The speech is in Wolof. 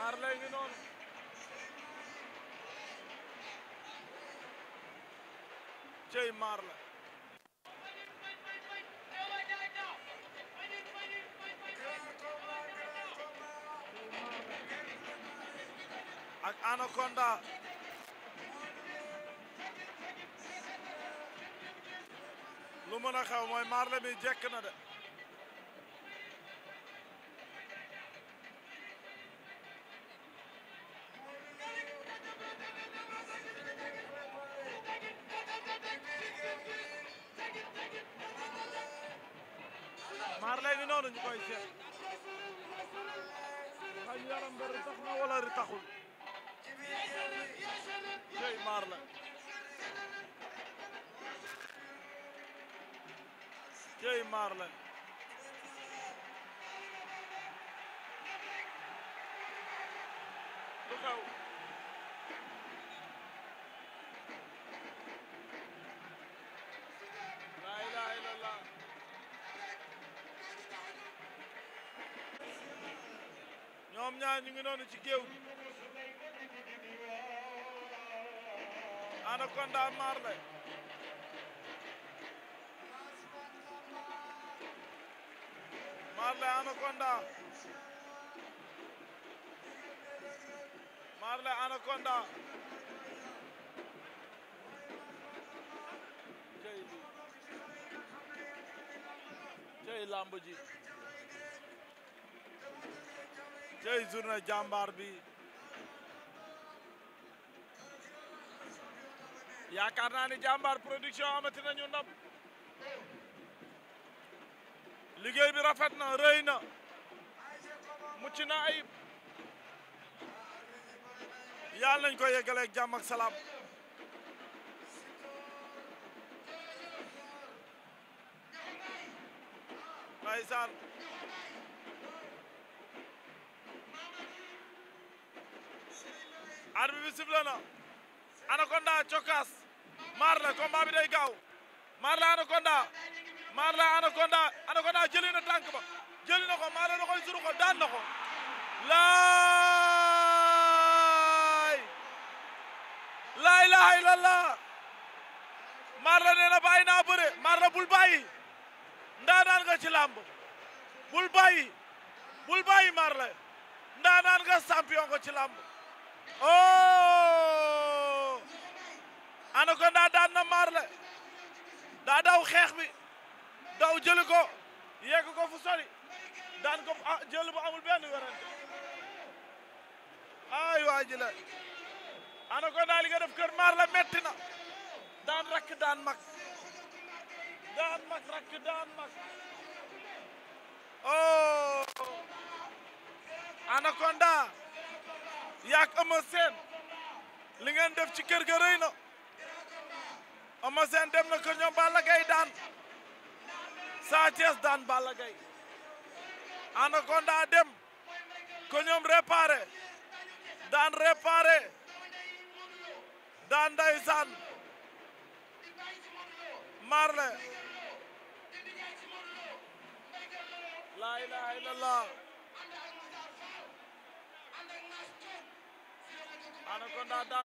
maar lay ngi noonu cey maar la ak anaconda lu mën a xew mooy marle bi jekk na de maar léegi noonu ñu koy seet xañ yaram ba ritax na wala ritaxul jëy lu ñoom ñaar ñu ngi noonu ci géew bi Anaconda Marley Marley Anaconda Marley Anaconda cey lii cey lamb ji जय जुर्ण जामबार भी या कारना ने जामबार production आमे थिन न्यु न लिगे भी रफत न रेन मुचिना आई या लन को ये गले जाम सलाम भाई साहब arbitre bi sifflé na Anaconda cokaas Marley combat bi gaaw Marley Anaconda Marley Anaconda Anaconda jëli na tànk ba jëli na ko Marley da koy ko daan na ko laay laa ilaha illallah Marley nee na naa bëre Marley bul bàyyi ndaanaan nga ci làmb bul bàyyi bul bàyyi Marley ndaanaan nga champion nga ci làmb oh Anaconda daan na Marley daa daw xeex bi daw jëli ko yegg ko fu sori daan ko jël bu amul benn werante ay waa ji la Anaconda li nga def kër Marley metti na daan rakk daan mag daan mag rakk daan mag oh Anaconda yaak Eumeu Sène li ngeen def ci kër ga rëy na Eumeu Sène dem na kër ñoom Balla Gaye daan Sa Thiès daan Balla dem ko ñoom daan réparé daan ndeysaan marle la Anaconda